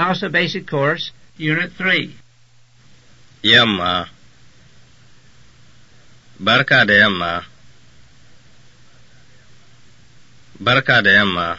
House of Basic Course, Unit 3. Yamma. Barka da yamma. Barka da yamma.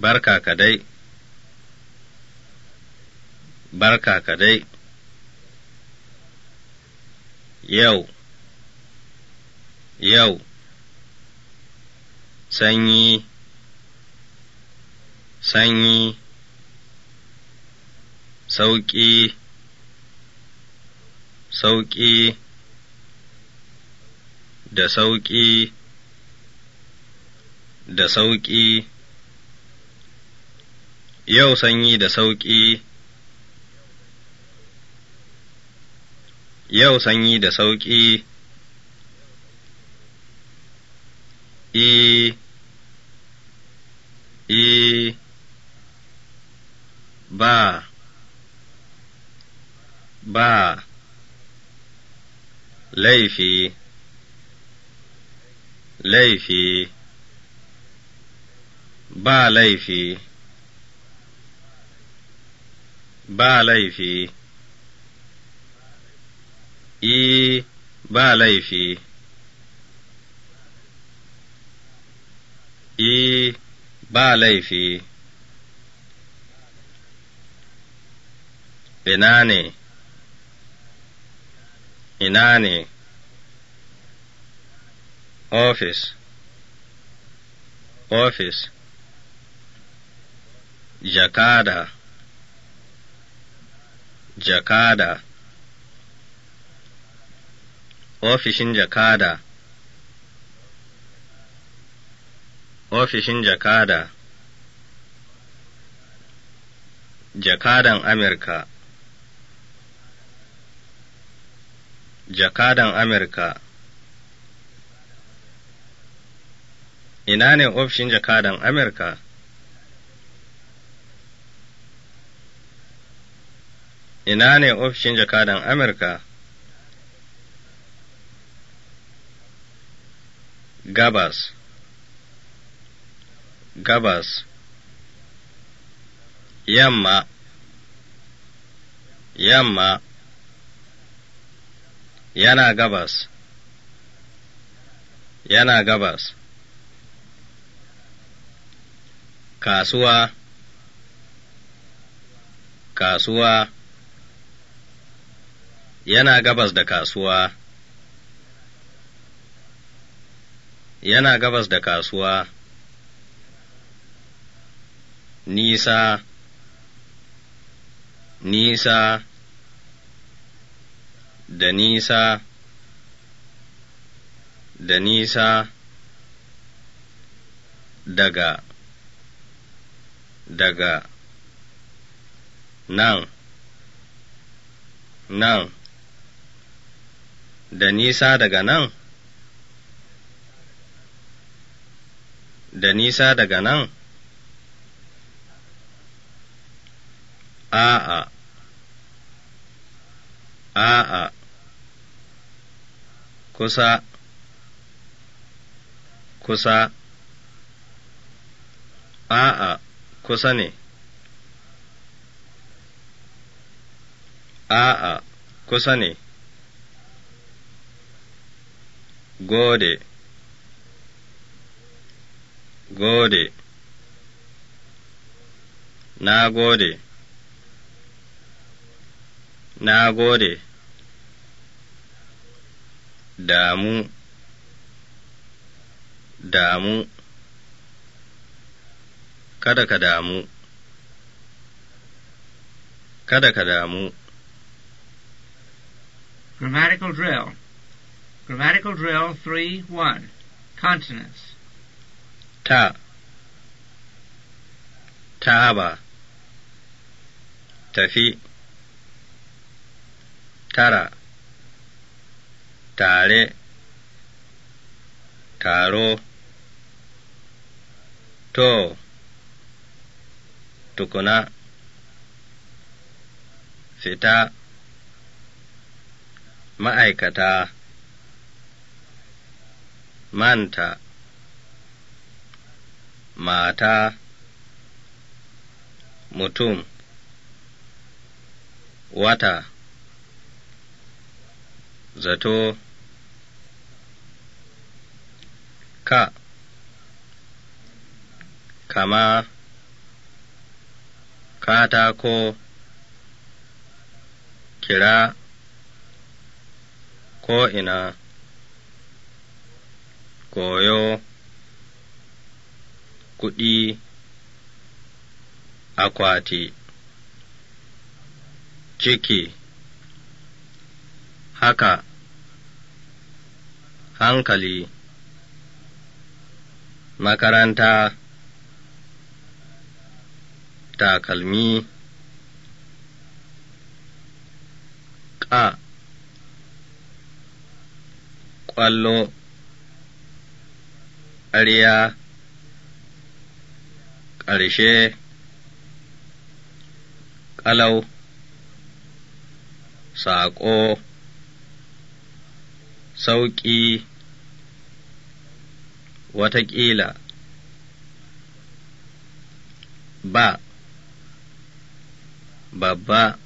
Barka ka dai. Barka ka Yau. Yau. Sanyi. sanyi sauƙi sauƙi da sauƙi da sauƙi yau sanyi da sauƙi yau sanyi da sauƙi e e ba ba laifi laifi ba laifi ba laifi i ba laifi i ba laifi ina ne ina ne office office jakada jakada ofishin jakada ofishin jakada jakadan amurka Jakadan Amerika Ina ne ofishin jakadan Amerika? Ina ne ofishin jakadan Amerika? Gabas Gabas Yamma Yamma yana gabas yana gabas kasuwa kasuwa yana gabas da kasuwa yana gabas da kasuwa nisa nisa da nisa da nisa daga daga nan nan da nisa daga nan da nisa daga nan a'a a'a kusa kusa a'a kusa ne a'a kusa ne gode gode na gode na gode damu damu kada ka damu kada ka damu grammatical drill grammatical drill 3-1 Continents: ta Ta taba tafi tara tare taro to tukuna fita ma'aikata manta mata mutum wata zato ka kama katako kira ko'ina koyo kuɗi akwati ciki haka hankali makaranta takalmi ƙa ƙwallo ƙarya ƙarshe ƙalau saƙo sauƙi wataƙila ba babba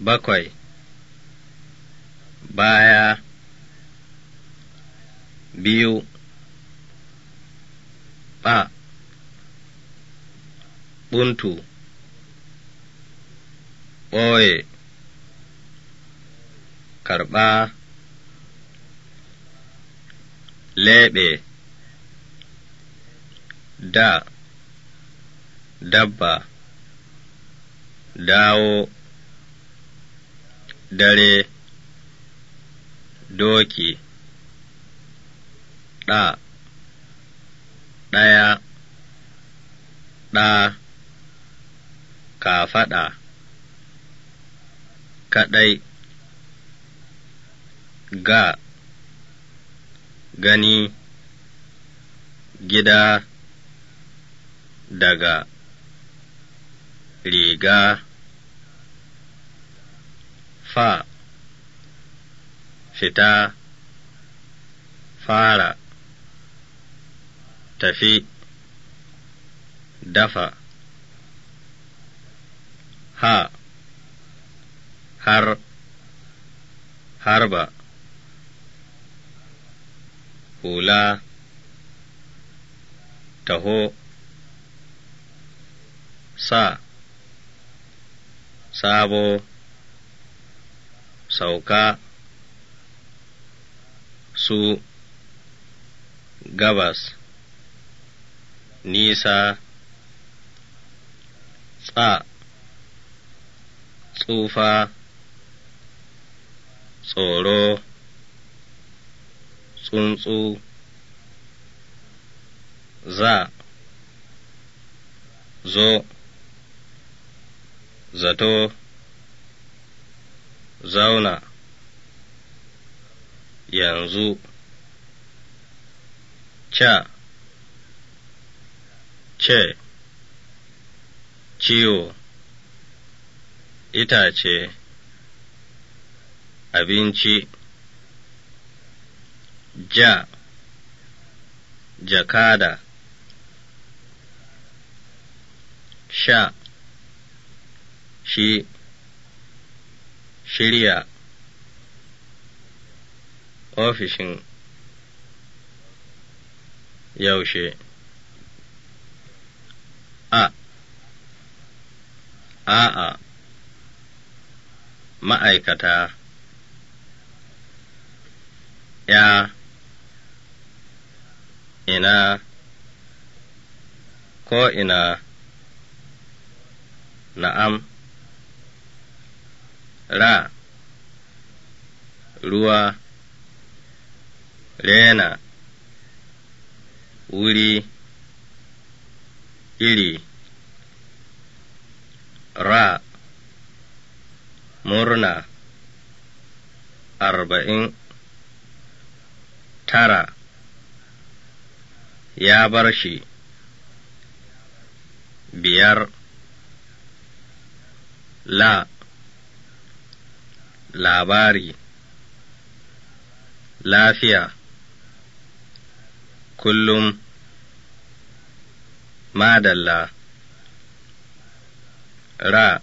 bakwai baya biyu ba buntu ɓoye karɓa leɓe da dabba dawo dare doki ɗa ɗaya ɗa kafaɗa kaɗai ga gani gida daga riga fa fita fara tafi dafa ha har harba hula taho sa sabo sauka su gabas nisa tsa tsufa tsoro tsuntsu za zo zato zauna yanzu ca ce ciwo itace abinci ja jakada sha shi shirya ofishin yaushe a a'a ma'aikata ya ina ko ina na'am ra ruwa rena wuri iri ra murna arba'in tara ya bar shi biyar la labari lafiya kullum madalla ra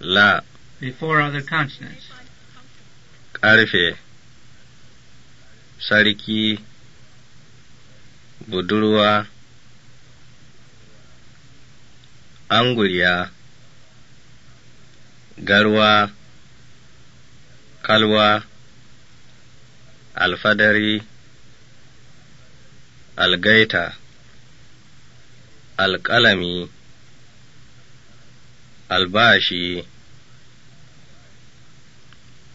la before other consonants ƙarfe sarki budurwa anguriya garwa kalwa alfadari algaita alƙalami albashi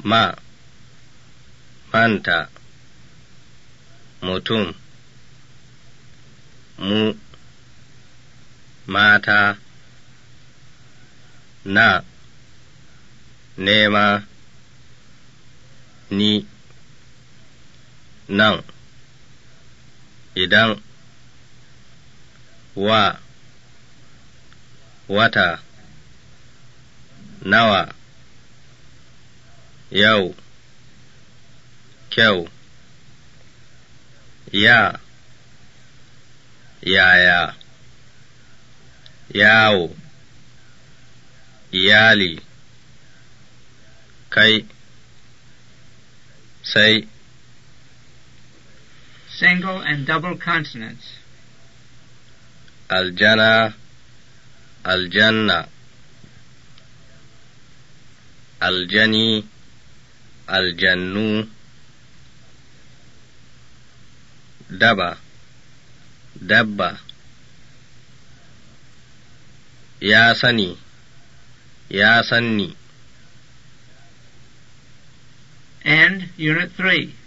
ma manta mutum mu mata na nema ni nan idan wa wata nawa yau kyau ya yaya yawo iyali kai sai single and double consonants aljana aljanna aljani aljannu daba dabba ya sani ya sanni and unit 3